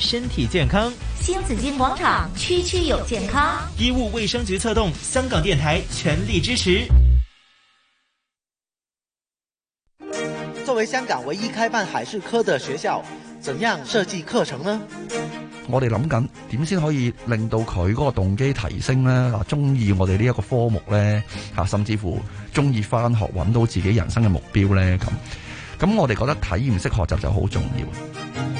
身體健康，新紫金廣場區區有健康。醫務衛生局策動，香港電台全力支持。作為香港唯一開辦海事科的學校，怎樣設計課程呢？我哋諗緊點先可以令到佢嗰個動機提升呢？嗱，鍾意我哋呢一個科目咧？吓，甚至乎鍾意返學，搵到自己人生嘅目標咧？咁，咁我哋覺得體驗式學習就好重要。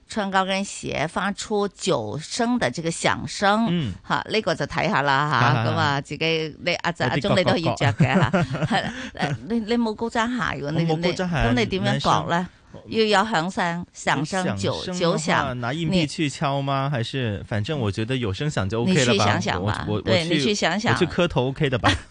穿高跟鞋發出九聲的這個響聲，吓、嗯、呢、這個就睇下啦吓，咁啊自己你阿仔阿忠你都要着嘅啦，係啦，你、啊一啊啊、 你冇高踭鞋嘅，咁你點樣講咧？啊、要有響聲，響聲九九聲，拿硬幣你去敲嗎？還是反正我覺得有聲響就 OK 啦，你去想想吧，我，我，我對我去你去想想，去磕頭 OK 的吧。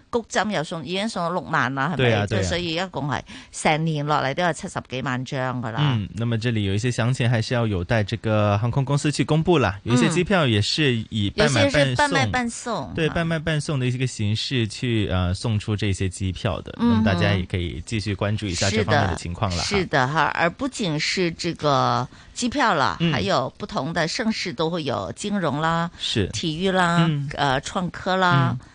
谷針又送，已經送咗六萬啦，係咪、啊啊啊？所以一共係成年落嚟都有七十幾萬張噶啦。嗯，那麼這裏有一些詳情還是要有待這個航空公司去公布啦、嗯。有一些機票也是以半賣半送，對，半賣半送的一個形式去呃送出這些機票的。嗯、啊，那麼大家也可以繼續關注一下這方面的情況啦、嗯啊。是的，哈，而不僅是這個機票啦、嗯，還有不同的盛事都會有金融啦，是，體育啦，嗯、呃，創科啦。嗯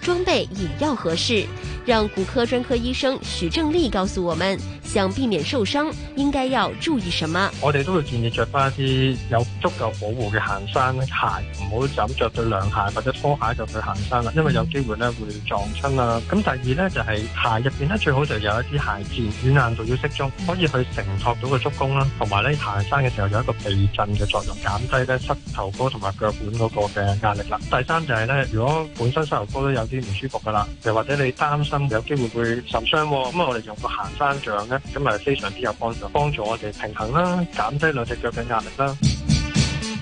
裝備也要合適，讓骨科專科醫生許正利告訴我們，想避免受傷，應該要注意什麼？我哋都會建議着翻一啲有足夠保護嘅行山鞋不要，唔好枕着對涼鞋或者拖鞋就去行山啦，因為有機會咧會撞親啦。咁第二咧就係、是、鞋入邊咧最好就有一啲鞋墊，軟硬度要適中，可以去承托到個足弓啦，同埋咧行山嘅時候有一個避震嘅作用，減低咧膝頭哥同埋腳腕嗰個嘅壓力啦。第三就係咧，如果本身膝頭哥都有。啲唔舒服噶啦，又或者你擔心有機會會受傷，咁我哋用個行山杖咧，咁啊，非常之有幫助，幫助我哋平衡啦，減低兩隻腳嘅壓力啦。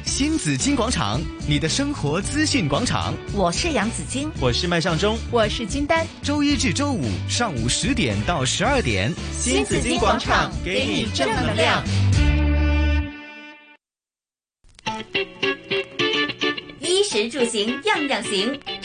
新紫金廣場，你的生活資訊廣場。我是楊紫金，我是麥尚中，我是金丹。周一至周五上午十點到十二點，新紫金廣場，給你正能量。衣食住行，樣樣行。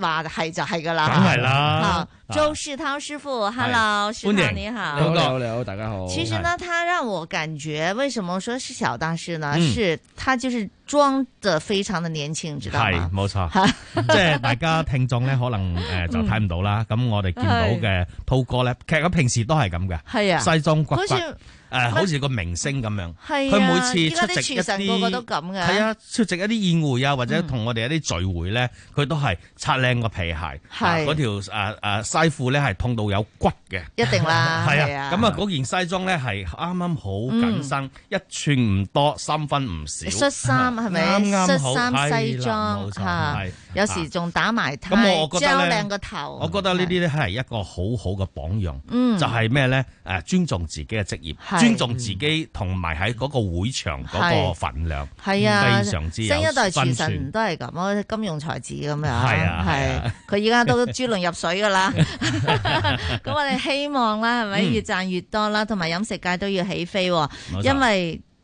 話係就係噶啦，梗係啦。周世韜師傅、啊，hello，師傅、歡迎。你好。你好，okay. 你好，大家好。其實呢，他讓我感覺，為什麼說是小大師呢？嗯、是，他就是裝得非常的年輕，知道嗎？冇錯。 即係大家聽眾咧，可能誒就睇唔到啦。咁、 嗯、我哋見到嘅韜哥咧，其實佢平時都係咁嘅，係啊，西裝骨骨。誒、呃，好似個明星咁樣，佢、啊、每次出席一啲，個個都咁嘅，係啊，出席一啲宴會啊，或者同我哋一啲聚會咧，佢、嗯、都係擦靚個皮鞋，係嗰條誒誒西褲咧係痛到有骨嘅，一定啦，係 啊，咁啊嗰件西裝咧係啱啱好緊身、嗯，一寸唔多，三分唔少，恤衫係咪？啱啱好，西裝吓、哎啊，有時仲打埋呔，咁我覺得靚個頭，我覺得呢啲咧係一個好好嘅榜樣，就係咩咧？誒，尊重自己嘅職業。尊重自己，同埋喺嗰個會場嗰個份量，係啊，非常之新一代廚神都係咁金融才子咁樣，係啊，佢而家都豬輪入水噶啦，咁 我哋希望啦，係咪越賺越多啦，同、嗯、埋飲食界都要起飛，因為。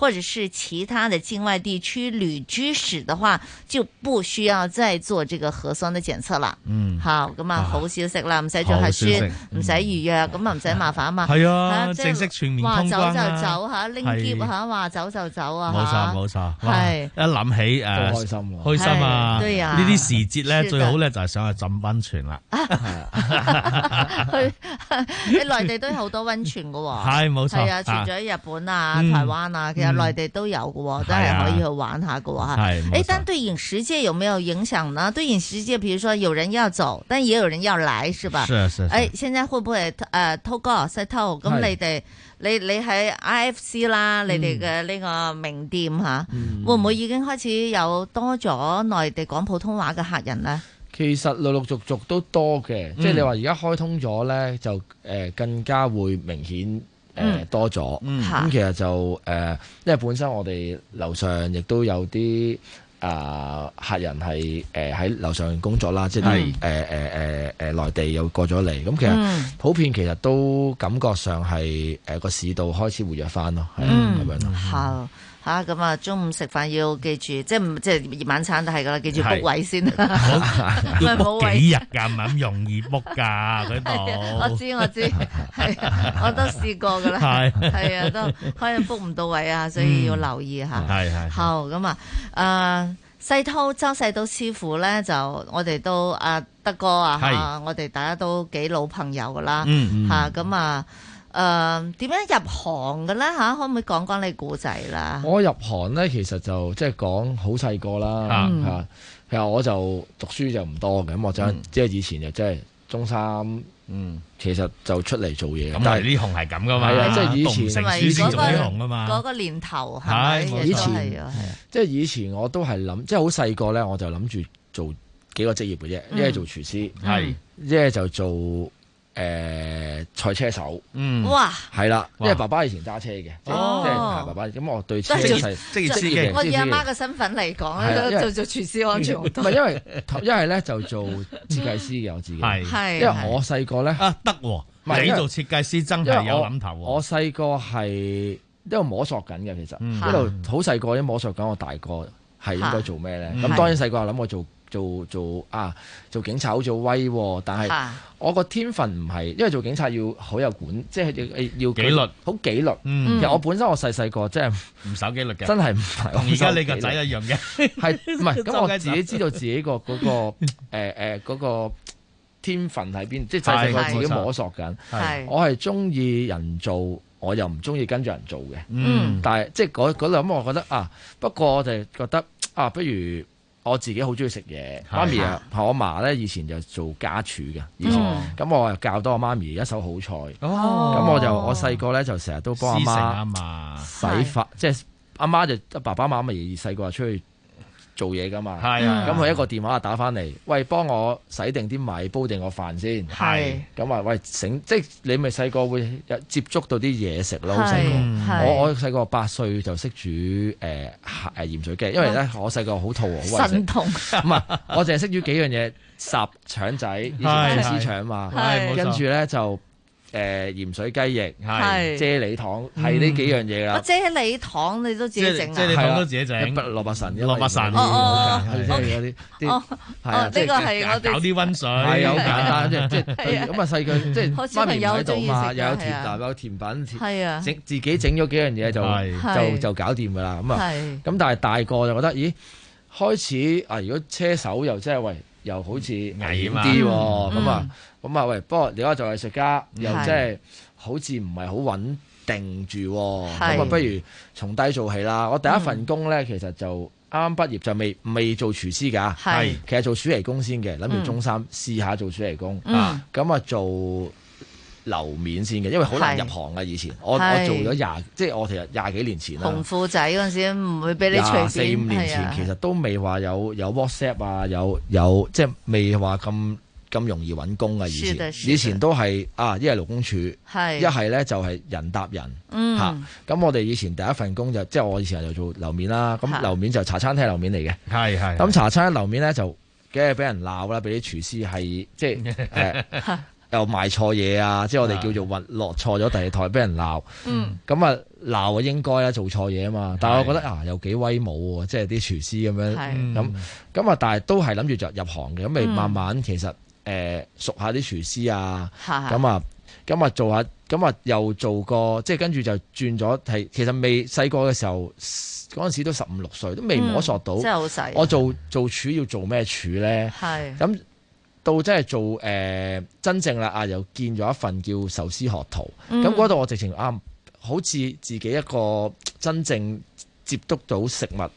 或者是其他的境外地區旅居史的話，就不需要再做這個核酸的檢測啦。嗯，好，咁啊，好消息啦，唔使做核酸，唔使預約，咁啊唔使、啊、麻煩啊嘛。係啊，啊、就是，正式全面通關啦。話走就走吓，拎篋吓，話走就走啊冇、啊啊、錯，冇錯。係、啊，一諗起誒、啊，開心啊，開心啊，呢啲時節咧，最好咧就係上去浸溫泉啦。去、啊，你、啊、內、 哎、地都有好多溫泉噶。係， 冇錯。係啊，除咗日本啊、嗯、台灣啊，嗯內、嗯、地都有嘅，都係可以去玩下嘅吓、啊。誒，但對飲食界有冇有影響呢？對飲食界，譬如說有人要走，但也有人要來，是吧？是、啊、是、啊。誒，現在會唔會誒，韜、呃、哥細韜，咁你哋你你喺 IFC 啦，嗯、你哋嘅呢個名店吓、嗯，會唔會已經開始有多咗內地講普通話嘅客人呢？其實陸陸續續都多嘅、嗯，即係你話而家開通咗咧，就誒、呃、更加會明顯。誒、嗯呃、多咗，咁、嗯嗯嗯、其實就誒、呃，因為本身我哋樓上亦都有啲啊、呃、客人係誒喺樓上工作啦，即係誒誒誒誒內地又過咗嚟，咁、嗯嗯、其實普遍其實都感覺上係誒個市道開始活躍翻咯，係、呃、咁、嗯、樣、嗯嗯吓咁啊！中午食飯要記住，即係即係晚餐都係噶啦，記住 book 位先。唔係冇幾日噶，唔係咁容易 book 噶。我知我知 啊，我都試過噶啦，係啊，都、 啊、可能 book 唔到位啊，所以要留意下。係係。好咁啊！誒、啊，世韜周世韜師傅咧，就我哋都誒、啊啊啊、德哥啊，我哋大家都幾老朋友噶啦。嗯。 吓咁啊！ 誒、呃，點樣入行嘅咧吓？可唔可以講講你古仔啦？我入行咧，其實就即係講好細個啦吓。其實我就讀書就唔多嘅，咁我真即係以前就即係中三。嗯，其實就是出嚟做嘢，但係呢行係咁噶嘛，即係、啊啊就是、以前成書先做呢行噶嘛，嗰、那個年頭係、啊。以前係啊，即、就、係、是、以前我都係諗，即係好細個咧，我就諗住做幾個職業嘅啫，一、嗯、係、就是、做廚師，係一係就是、做。誒，賽車手，嗯，哇，係啦，因為爸爸以前揸車嘅，即哦，爸爸，咁我對車係職業司機。我以阿媽嘅身份嚟講咧，做做廚師安全好多。係因為，一係咧就做設計師嘅我自己，因為我細個咧得喎，你做設計師真係有諗頭喎。我細個係一路摸索緊嘅，其實一路好細個一路摸索緊，我大個係應該做咩咧？咁當然細個諗我做。做做啊，做警察好做威，但係我個天分唔係，因為做警察要好有管，即係要要好紀律，好紀律。嗯，其實我本身我細細個即係唔守紀律嘅，真係唔係。而家你個仔一樣嘅，係唔係？咁 我自己知道自己、嗰個嗰個誒誒嗰個天分喺邊， 即係細細個自己摸索緊。我係中意人做，我又唔中意跟住人做嘅、嗯。嗯，但係即係嗰嗰兩，我覺得啊，不過我就覺得啊，不如。我自己好鍾意食嘢，媽咪啊，我阿嫲咧以前就做家廚嘅，以前咁、嗯、我又教多我媽咪一手好菜，咁、哦、我就我細個咧就成日都幫阿媽洗、啊、發，啊、即係阿媽就爸爸媽咪細個出去。做嘢噶嘛，咁佢、嗯、一個電話啊打翻嚟，喂，幫我洗定啲米，煲定個飯先。係，咁話喂醒，即係你咪細個會接觸到啲嘢食咯。細個，我我細個八歲就識煮誒、呃、鹽水雞，因為咧我細個好肚餓，好揾食。神童。唔係， 我淨係識煮幾樣嘢，烚腸仔，以前去市場嘛，跟住咧就。誒、呃，鹽水雞翼係啫喱糖係呢、嗯、幾樣嘢啦。我、啊、啫喱糖你都自己整都係。一粒蘿蔔神，蘿蔔神、神。哦係呢個係搞啲溫水，係好簡單即係咁啊，細個即係媽咪喺度嘛，又有甜，啊有，甜啊、有甜品，係啊，整自己整咗幾樣嘢就、啊啊、就就、就搞掂噶啦。咁啊，咁但係大個就覺得咦，開始啊，如果車手又即係喂，又好似危險啲咁啊。咁啊喂，不過你話做藝術家又即係好似唔係好穩定住，咁啊不如從低做起啦。我第一份工咧，其實就啱啱畢業就未未做廚師㗎，係其實做暑期工先嘅，諗住中三試下做暑期工。咁啊做樓面先嘅，因為好難入行啊。以前我我做咗廿，即係我其實廿幾年前啦。紅褲仔嗰陣時唔會俾你隨四五年前其實都未話有有 WhatsApp 啊，有有即係未話咁。咁容易揾工啊以前，以前都係啊，一係勞工處，一係咧就係、是、人搭人咁、嗯、我哋以前第一份工就，即係我以前就做樓面啦。咁樓面就茶餐廳樓面嚟嘅，咁茶餐廳樓面咧就梗係俾人鬧啦，俾啲廚師係即係、呃、 又賣錯嘢啊，即係我哋叫做運落錯咗第二台，俾人鬧。咁啊鬧啊應該啦，做錯嘢啊嘛、嗯。但我覺得啊，又幾威武喎、啊，即係啲廚師咁樣咁咁啊，但係都係諗住入入行嘅，咁咪慢慢、嗯、其實。誒、呃，熟下啲廚師啊，咁是是 啊，咁啊做下，咁啊又做過，即係跟住就轉咗。係其實未細個嘅時候，嗰陣時都十五六歲，都未摸索到、嗯。真係好細。我做做廚要做咩廚咧？係是是。咁到真係做誒、呃、真正啦啊，又見咗一份叫壽司學徒。咁嗰度我直情啱，好似自己一個真正接觸到食物，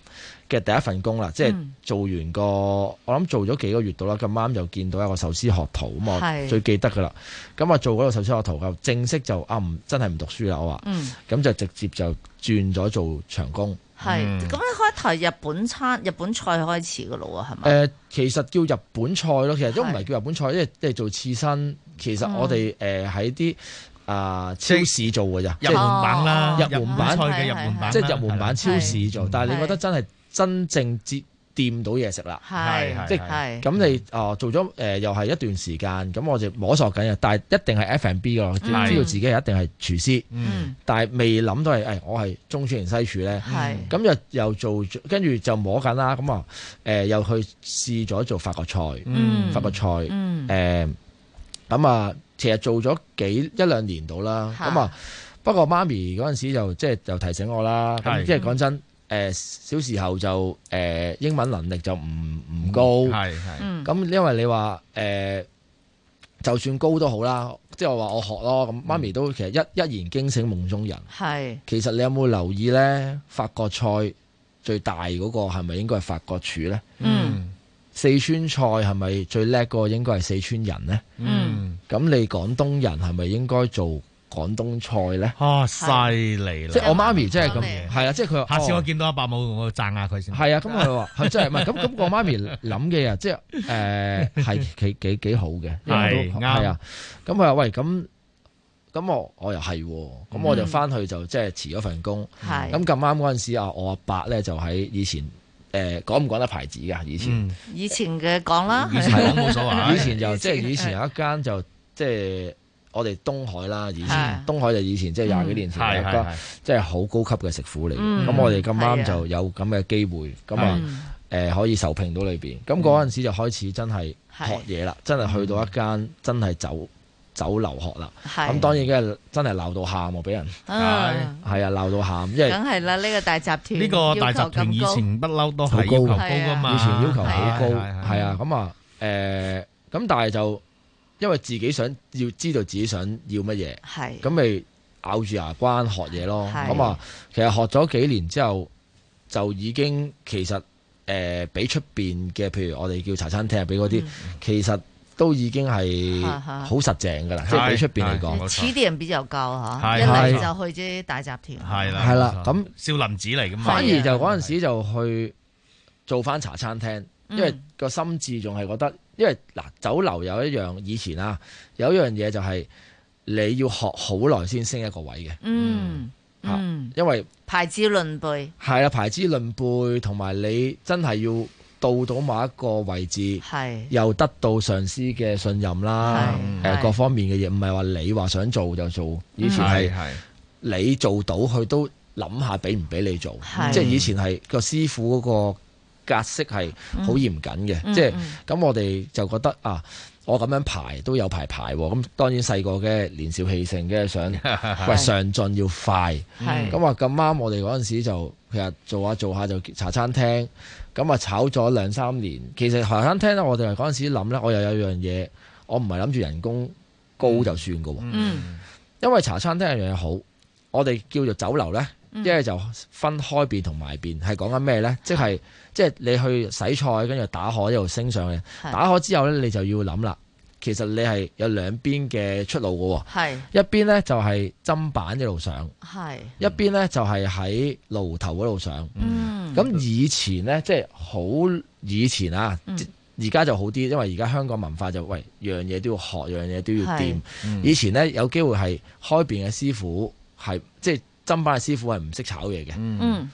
嘅第一份工啦，即係做完個，我諗做咗幾個月到啦。咁啱又見到一個壽司學徒，咁最記得㗎啦。咁啊做嗰個壽司學徒，正式就啊唔真係唔讀書啦，我話。咁、嗯、就直接就轉咗做長工。係咁一開頭日本餐、日本菜開始㗎咯喎，係咪、呃？其實叫日本菜咯，其實都唔係叫日本菜，即係即做刺身。其實我哋喺啲啊超市做㗎咋，日門版啦，入門版，嘅入即係入門版超市做。嗯、但係你覺得真係？真正接掂到嘢食啦，即係咁你哦做咗，呃、又係一段時間，咁、嗯、我就摸索緊，但係一定係 F a B 噶，知道自己一定係廚師嗯，哎嗯嗯，嗯，但未諗到係誒我係中廚定西廚咧，係咁又又做跟住就摸緊啦，咁啊又去試咗做法國菜，嗯，法國菜，嗯咁、嗯、啊、呃，其實做咗幾一兩年到啦，咁啊不過媽咪嗰陣時就即係就提醒我啦，係、嗯、即係講真。誒、呃，小時候就誒、呃，英文能力就唔唔高，係、嗯、係，咁、嗯、因為你話誒、呃，就算高都好啦，即係我話我學咯，咁媽咪都其實一一言驚醒夢中人，係，其實你有冇留意呢？法國菜最大嗰個係咪應該係法國廚呢？嗯，四川菜係咪最叻個應該係四川人呢？嗯，咁你廣東人係咪應該做？廣東菜咧啊，犀利啦！即係我媽咪，即係咁，係啊！即係佢下次我見到阿伯，冇冇讚下佢先。係啊，咁佢話係真係唔係咁咁？我媽咪諗嘅啊，即係誒係幾幾幾好嘅，係啊！咁佢話喂咁咁我我又係咁，我爸爸就翻去就即係辭咗份工。係咁咁啱嗰陣時啊，我阿伯咧就喺以前誒、呃、講唔講得牌子㗎？以前以前嘅講啦，以前冇所謂。以前就即係以前、就是、以前有一間就即係。嗯就是我哋東海啦，以前東海就以前即係廿幾年前，一間即係好高級嘅食府嚟。咁我哋咁啱就有咁嘅機會，咁啊誒可以受聘到裏邊。咁嗰陣時就開始真係學嘢啦，真係去到一間真係走走留學啦。咁當然嘅真係鬧到喊，俾人係係啊鬧到喊，因為梗係啦呢個大集團，呢個大集團以前不嬲都係要求高噶嘛，以前要求好高，係啊咁啊誒咁，但係就。因為自己想要知道自己想要乜嘢，係咁咪咬住牙關學嘢咯。咁啊，其實學咗幾年之後，就已經其實誒、呃，比出邊嘅，譬如我哋叫茶餐廳，比嗰啲，嗯、其實都已經係好實淨噶啦。即、嗯、係比出邊嚟講，始點人比較夠吓，一就去啲大集團。係啦，係啦。咁、嗯、少林寺嚟噶嘛？反而就嗰陣時就去做翻茶餐廳，因為個心智仲係覺得。因為嗱，酒樓有一樣以前啊，有一樣嘢就係你要學好耐先升一個位嘅、嗯啊。嗯，因為排資論輩係啦，排、啊、資論輩同埋你真係要到到某一個位置，係又得到上司嘅信任啦、呃，各方面嘅嘢，唔係話你話想做就做。以前係係、嗯、你做到佢都諗下俾唔俾你做，即係以前係個師傅嗰、那個。格式係好嚴謹嘅、嗯，即係咁我哋就覺得啊，我咁樣排都有排排喎。咁當然細個嘅年少氣盛嘅想，喂 上進要快。咁話咁啱，那我哋嗰陣時就其實做下做下就茶餐廳。咁啊炒咗兩三年，其實茶餐廳咧，我哋係嗰陣時諗咧，我又有樣嘢，我唔係諗住人工高就算噶喎、嗯。因為茶餐廳一樣嘢好，我哋叫做酒樓咧。一係就分開邊，同埋邊係講緊咩呢？即係即係你去洗菜，跟住打荷一路升上去。打荷之後呢，你就要諗啦。其實你係有兩邊嘅出路噶。一邊呢、嗯，就係砧板一路上，一邊呢，就係喺爐頭嗰度上。咁以前呢，即係好以前啊，而、嗯、家就好啲，因為而家香港文化就喂樣嘢都要學，樣嘢都要掂、嗯。以前呢，有機會係開邊嘅師傅係即係。砧嘅師傅係唔識炒嘢嘅，嗯，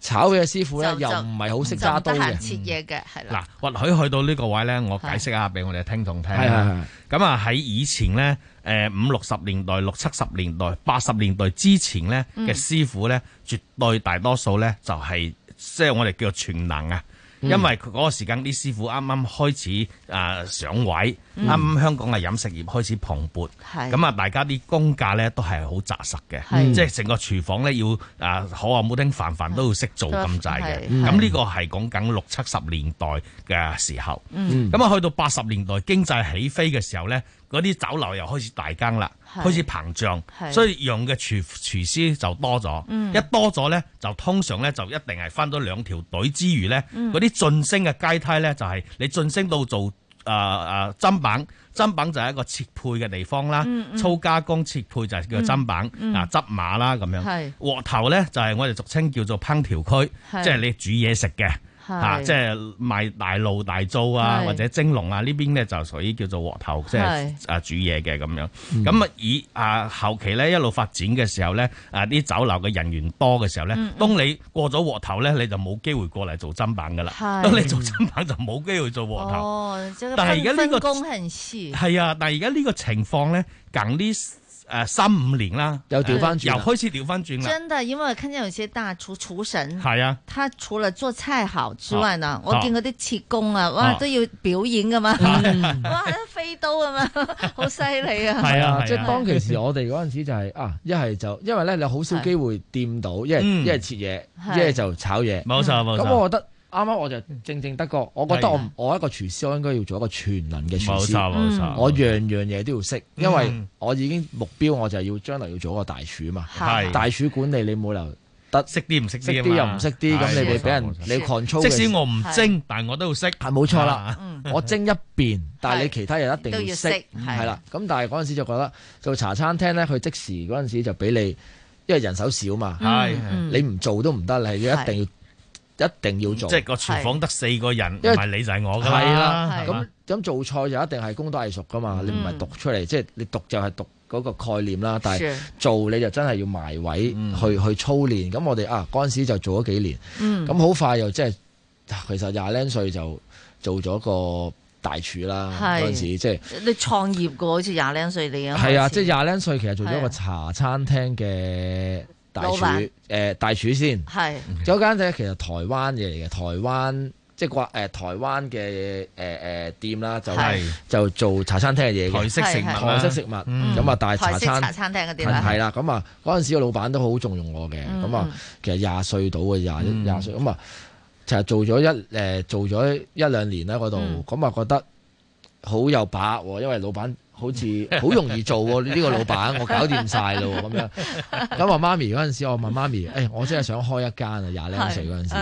炒嘢嘅師傅咧又唔係好識揸刀切嘢嘅係啦。嗱，或、嗯、許、啊、去到呢個位咧，我解釋下俾我哋聽同聽啦。咁啊喺以前咧，誒五六十年代、六七十年代、八十年代之前咧嘅師傅咧，絕對大多數咧就係即係我哋叫做全能啊。因為嗰個時間啲師傅啱啱開始啊、呃、上位，啱啱、嗯、香港嘅飲食業開始蓬勃，咁啊、嗯、大家啲工價咧都係好紮實嘅，嗯、即係成個廚房咧要啊好話唔好聽飯飯，凡都要識做咁滯嘅。咁呢、嗯、個係講緊六七十年代嘅時候，咁啊、嗯嗯、去到八十年代經濟起飛嘅時候咧，嗰啲酒樓又開始大更啦。開始膨脹，所以用嘅廚廚師就多咗。嗯、一多咗咧，就通常咧就一定係分咗兩條隊之餘咧，嗰啲、嗯、晉升嘅階梯咧就係你晉升到做誒誒砧板，砧、呃、板、呃、就係一個切配嘅地方啦。嗯嗯、粗加工切配就係叫砧板、嗯嗯、啊，執碼啦咁樣。嗯嗯、鑊頭咧就係我哋俗稱叫做烹調區，即係是你煮嘢食嘅。嚇、啊，即係賣大爐大灶啊，或者蒸籠啊邊呢邊咧就是、屬於叫做鑊頭，即係啊煮嘢嘅咁樣。咁、嗯、啊以啊後期咧一路發展嘅時候咧，啊啲酒樓嘅人員多嘅時候咧，當你過咗鑊頭咧，你就冇機會過嚟做砧板噶啦。是當你做砧板就冇機會做鑊頭。哦，而家呢分工很細。係、這個、啊，但係而家呢個情況咧，近呢。誒，三五年啦，又調翻轉，又開始調翻轉啦。真的，因為我看見有些大廚廚神，係啊，他除了做菜好之外呢、啊，我見嗰啲切工啊，哇，都要表演噶嘛、啊嗯，哇，都飛刀㗎嘛，好犀利啊！係 啊，即係、啊啊啊啊就是、當其時我哋嗰陣時就係、是、啊，一係就因為咧你好少機會掂到，因為一係切嘢，一係就炒嘢。冇錯冇錯。嗯啱啱我就正正得個，我覺得我我一個廚師，我應該要做一個全能嘅廚師。我樣樣嘢都要識、嗯，因為我已經目標我就係要將來要做一個大廚啊嘛。係大廚管理你冇理由得識啲唔識啲，識啲又唔識啲，咁你會俾人你要 control。即使我唔精，但係我都要識。係冇錯啦、嗯，我精一邊，但係你其他人一定要識。係啦，咁但係嗰陣時候就覺得做茶餐廳咧，佢即時嗰陣時候就俾你，因為人手少嘛。係，你唔做都唔得，你一定要。一定要做，即係個廚房得四個人，是因為唔係你就係我噶，係啦。咁咁做菜就一定係功多藝熟噶嘛，你唔係讀出嚟、嗯，即係你讀就係讀嗰個概念啦。但係做你就真係要埋位去、嗯、去操練。咁我哋啊嗰陣時就做咗幾年，咁、嗯、好快又即係其實廿零歲就做咗個大廚啦。嗰、嗯、陣時即係、就係、你創業過好似廿零歲你咁，係啊，即係廿零歲其實做咗個茶餐廳嘅。大廚，誒闆、呃、大廚先，是有一間咧，其實台灣嘢嚟嘅，台灣即係誒、呃、台灣嘅誒誒店啦，就是就做茶餐廳嘅嘢嘅，台式成台式食物，咁啊大茶餐廳嘅店啦，係、嗯、啦，咁啊嗰陣時個老闆都好重用我嘅，咁啊、嗯、其實廿歲到嘅廿廿歲，咁啊、嗯、就係做咗一誒做咗一兩年喺嗰度，咁啊、嗯、覺得好有把握，因為老闆。好似好容易做呢 個老闆 定、 哎，我搞掂晒咯咁樣。咁啊，媽咪嗰陣時，我問媽咪：，誒，我真係想開一間啊，廿零歲嗰陣時。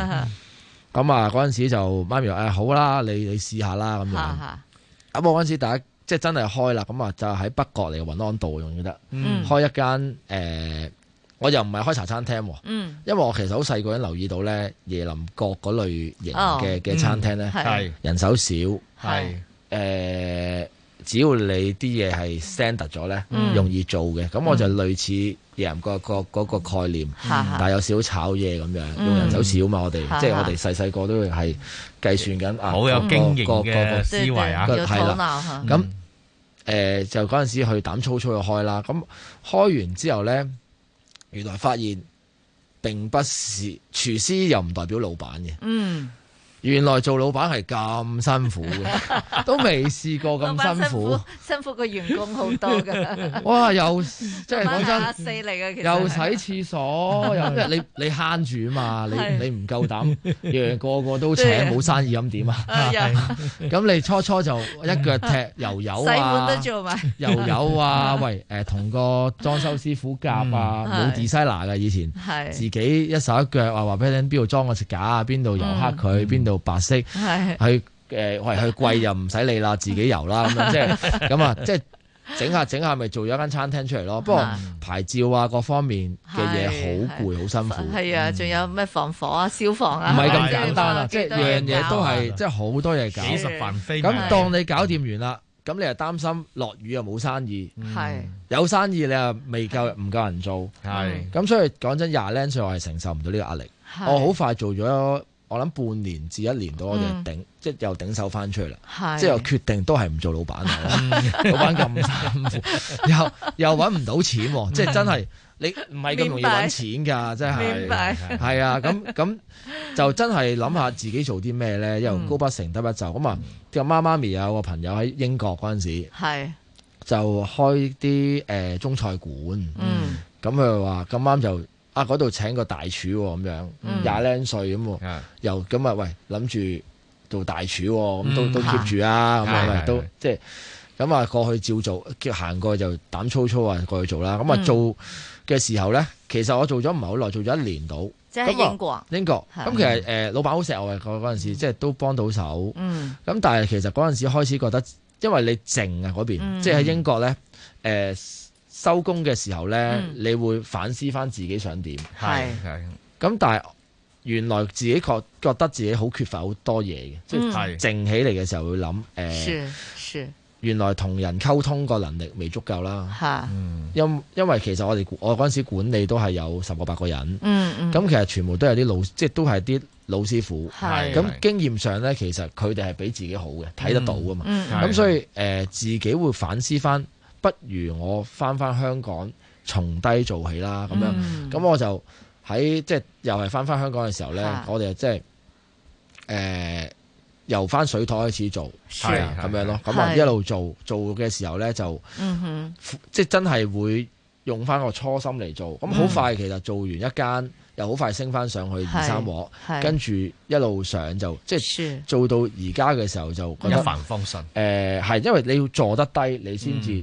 咁 啊，嗰陣時就媽咪話：，誒，好啦，你你試下啦咁樣。咁我嗰陣時，大家即係真係開啦。咁啊，就喺北角嚟雲安道仲記得、嗯，開一間誒、呃，我又唔係開茶餐廳，嗯，因為我其實好細個人留意到咧，椰林角嗰類型嘅嘅餐廳咧，係、哦嗯、人手少，係誒。只要你啲嘢係 standard 咗咧、嗯，容易做嘅，咁我就類似贏個、嗯那個概念，嗯、但係有少炒嘢咁樣，用人走少嘛、嗯，我哋、嗯、即係我哋細細個都係計算緊啊、嗯那好有經營思維啊，係、那、啦、個，咁、那個嗯呃、就嗰陣時去膽粗粗去開啦，咁開完之後咧，原來發現並不是廚師又唔代表老闆嘅。嗯原來做老闆係咁辛苦嘅，都未試過咁辛， 辛苦，辛苦過員工好多嘅。哇！又即係講真，又洗廁所， 又你你慳住啊嘛，你你唔夠膽，樣個個都請，冇生意咁點啊？咁 你初初就一腳踢又有啊，洗碗都做埋， 油油啊，喂 同、欸、個裝修師傅夾啊，冇 designer 嘅以前、嗯，自己一手一腳啊，話俾你聽，邊度裝個石架啊，邊度油黑佢，邊度。嗯哪做白色，去誒，喂，去貴又唔使理啦， 自己游啦咁樣，即係咁啊，即係整下整下，咪做咗一間餐廳出嚟咯。不過牌照啊，各方面嘅嘢好攰，好辛苦。係啊，仲、嗯、有咩防火啊、消防啊，唔係咁簡單啊，即、啊、係、就是啊啊、樣嘢都係，即係好多嘢搞。此實繁咁當你搞掂完啦，咁你又擔心落雨又冇生意，係有生意你又未夠，唔夠人做，係咁所以講真的，廿零歲我係承受唔到呢個壓力，我好快做咗。我諗半年至一年度，我哋頂，即係又頂手翻出去啦，即係又，又決定都係唔做老闆、嗯、老闆咁辛苦，又又搵唔到錢、啊嗯，即係真係你唔係咁容易搵錢噶，真係係啊。咁咁、嗯、就真係諗下自己做啲咩咧？又高不成低不就。咁、嗯、啊，即係媽媽咪有個朋友喺英國嗰陣時，就開啲誒、呃、中菜館。咁佢話咁啱就。嗰、啊、度請個大廚咁、哦、樣，廿、嗯、零歲咁喎，又咁啊！喂，諗住做大廚喎、哦，咁都、嗯、都 keep 住啊！咁、嗯、啊，都即係咁啊，過去照做，叫行過去就膽粗粗啊，過去做啦。咁啊，做嘅時候咧，其實我做咗唔係好耐，做咗一年到，即係英國。英國咁其實誒、呃，老闆好錫我嘅嗰嗰陣時，即係都幫到手。咁、嗯、但係其實嗰陣時開始覺得，因為你靜啊嗰邊，嗯、即係喺英國咧收工嘅時候呢，嗯、你會反思翻自己想點？係，咁但係原來自己覺覺得自己好缺乏好多嘢嘅，即係、就是、靜起嚟嘅時候會諗，誒、呃，原來同人溝通個能力未足夠啦。因因為其實我哋我嗰陣時管理都係有十個八個人，咁、嗯嗯、其實全部都係啲老師，即係都係啲老師傅。咁經驗上呢，其實佢哋係比自己好嘅，睇得到㗎嘛。咁所以誒，自己會反思翻。不如我翻翻香港，從低做起啦，咁樣，咁、嗯、我就喺即係又係翻翻香港嘅時候呢，我哋就即係由翻水台開始做，咁樣咯，咁啊一路做的做嘅時候呢，就，嗯、即係真係會用翻個初心嚟做，咁、嗯、好快其實做完一間，又好快升翻上去二三鑊，跟住一路上就即係做到而家嘅時候就覺得誒係、嗯呃、因為你要坐得低，你先至。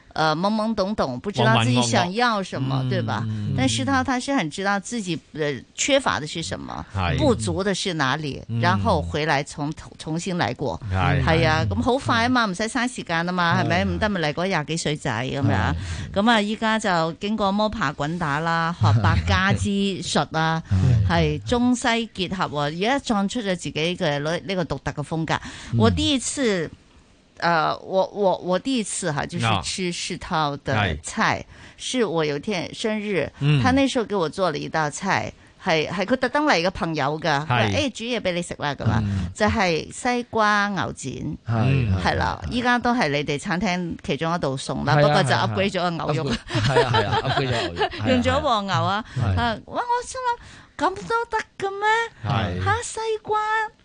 呃、懵懵懂懂，不知道自己想要什麼，問問對吧、嗯？但是他，他是很知道自己，缺乏的是什麼、嗯，不足的是哪裏，然後回來重、嗯、重新來過，係、嗯、啊，咁、嗯嗯嗯嗯啊、好快啊嘛，唔使嘥時間啊嘛，係、嗯、咪？唔得咪嚟個廿幾歲仔咁樣，咁啊依家就經過摸爬滾打啦，學百家之術啦、啊，係、 嗯、中西結合，而家創出咗自己嘅呢個獨特嘅風格。我第一次。嗯誒，我我我第一次哈，就是吃世韜的菜，是我有天生日，他那時候給我做了一道菜，係係佢特登嚟嘅朋友噶，誒煮嘢俾你食啦咁嘛，就係西瓜牛展，係係啦，依家都係你哋餐廳其中一道餸啦，不過就 upgrade 咗個牛肉，upgrade 咗用咗和牛啊，啊，我我心諗。咁都得嘅咩？嚇，西瓜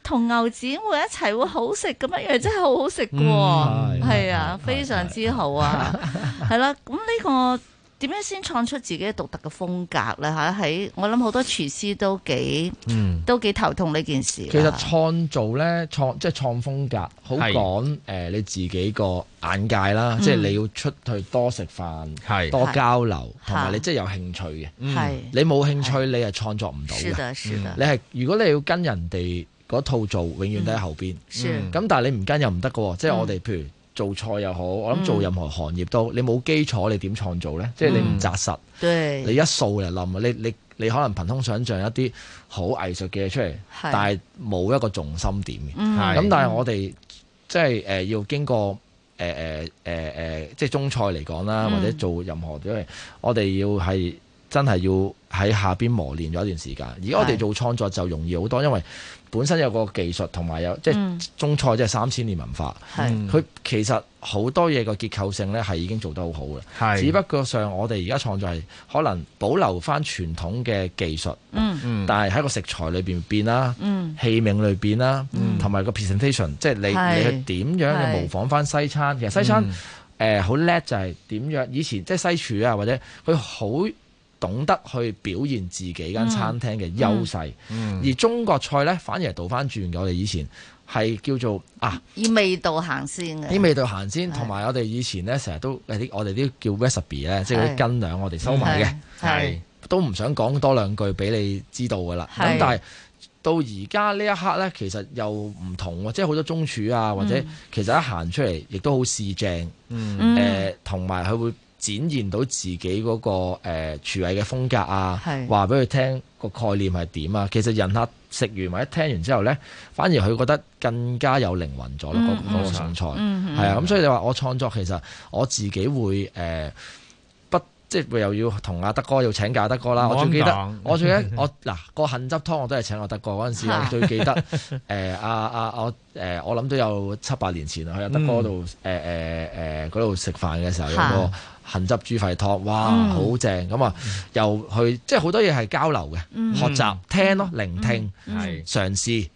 同牛展會一齊會好食？咁樣真的吃的，真係好好食嘅喎，係啊，非常之好啊，係啦，咁 呢、呢個。點樣先創出自己獨特嘅風格咧？嚇，喺我諗好多廚師都幾，都幾頭痛呢件事。其實創造咧，創，即係創風格，好講誒你自己個眼界啦，即係你要出去多食飯，多交流，同埋你即係有興趣嘅。係，你冇興趣你係創作唔到嘅。是的，是的。你係如果你要跟人哋套做，永遠都喺後邊。咁但係你唔跟又唔得嘅，即係我哋譬如。做菜又好，我諗做任何行業都、嗯，你冇基礎你點創造呢？嗯、即係你唔扎實對，你一掃就冧。你你你可能憑空想象一啲好藝術嘅嘢出嚟，但係冇一個重心點嘅。咁、嗯、但係我哋即係要經過誒誒誒即係中菜嚟講啦，或者做任何，嗯、因為我哋要係真係要喺下邊磨練咗一段時間。而家我哋做創作就容易好多，因為。本身有個技術同埋有即係中菜，即係三千年文化。佢、嗯、其實好多嘢個結構性咧，係已經做得好好嘅。只不過上我哋而家創作係可能保留翻傳統嘅技術，嗯、但係喺個食材裏邊變啦、嗯，器皿裏邊啦，同、嗯、埋個 presentation、嗯、即係你是你去點樣去模仿翻西餐？其實西餐誒好叻就係點樣？以前即係西廚啊，或者佢好，懂得去表現自己間餐廳嘅優勢、嗯嗯，而中國菜呢，反而係倒翻轉，我哋以前係叫做啊，以味道行先嘅，以味道行先，同埋我哋以前呢，成日都啲我哋啲叫 recipe 咧，即係啲斤兩我哋收埋嘅，係都唔想講多兩句俾你知道噶啦。咁但係到而家呢一刻呢，其實又唔同喎，即係好多中廚啊、嗯，或者其實一行出嚟亦都好市正，同埋佢會。展現到自己嗰、那個誒、呃、廚藝嘅風格啊，話俾佢聽個概念係點啊？其實人客食完或者聽完之後咧，反而佢覺得更加有靈魂咗咯。嗰、嗯那個餸菜，係、嗯嗯、啊，咁、嗯嗯、所以你話我創作，其實我自己會誒、呃、不即係又要同阿德哥要請教，德哥啦。我最記得，我最記得我嗱個杏汁湯，我都係請阿德哥嗰陣時， 我最記得誒、那個 呃、啊啊我誒、呃、我諗都有七八年前去阿德哥嗰度誒誒嗰度食飯嘅時候有、那個行執豬肺托，哇，好、嗯、正！咁啊，又去，即係好多嘢係交流嘅、嗯，學習聽咯，聆聽，嗯、嘗試。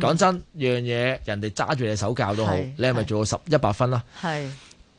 講、嗯、真，樣嘢人哋揸住你手教都好，你係咪做到十一百分啦？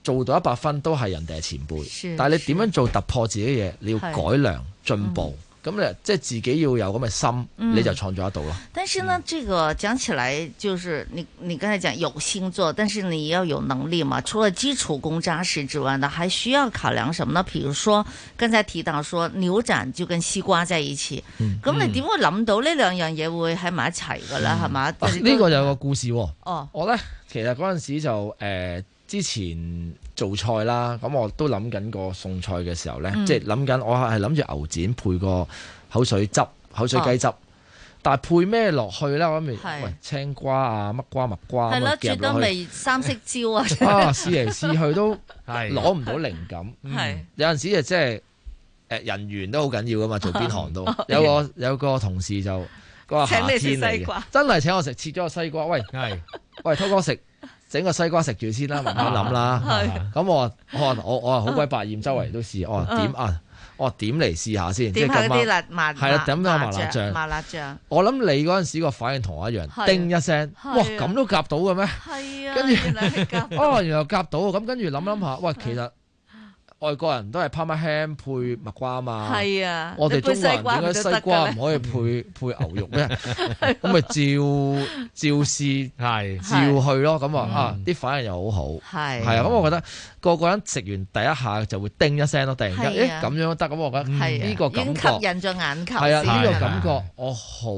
做到一百分都係人哋係前輩，但係你點樣做突破自己嘢？你要改良進步。咁咧，即係自己要有咁嘅心、嗯，你就創作得到咯。但是呢，嗯、這個講起來，就是你你剛才講有心做，但是你要有能力嘛。除了基礎功扎實之外呢，呢還需要考量什麼呢？譬如說剛才提到說牛展就跟西瓜在一起，咁、嗯、你點會諗到呢兩樣嘢會喺埋一齊噶咧？係、嗯、嘛？呢、啊這個有個故事哦。哦，我呢，其實嗰陣時就誒、呃、之前。做菜啦，咁我都諗緊個餸菜嘅時候咧、嗯，即係諗緊，我係諗住牛展配個口水汁、口水雞汁，哦、但配咩落去咧？我諗住喂青瓜啊，乜瓜蜜瓜，係咯，煮得味三色椒啊， 啊，試嚟試去都攞唔到靈感。嗯、有陣時啊、就是，即係人緣都好緊要噶嘛，做邊行都。嗯、有個有個同事就個夏天嚟嘅，請你切西瓜？」真係請我食切咗個西瓜。喂，喂，韜哥食。整個西瓜食住先啦，慢慢諗啦。咁 是的、嗯、我我我我好鬼百厭，周圍都試。我話點啊？我話點嚟試下先試下。即係咁辣麻辣麻辣醬？辣辣醬，我諗你嗰陣時個反應同我一樣，的叮一聲，哇咁都夾到嘅咩？啊的，跟住著，哦，原來夾到 原來夾到。咁跟住諗諗下，哇，其實。外國人都係 Parma ham 配蜜瓜嘛，啊，我哋中國人點解西瓜唔可，可以配 配牛肉咧？咁 咪是、啊、 照照試係、啊、照去咯，咁啊啊啲反應又好好，係啊，咁、啊、我覺得個個人食完第一下就會叮一聲咯，突然間咦咁、啊欸、樣都得咁，啊、我覺得呢、啊嗯呢個已經吸引咗眼球。係啊，呢、呢個感覺我好。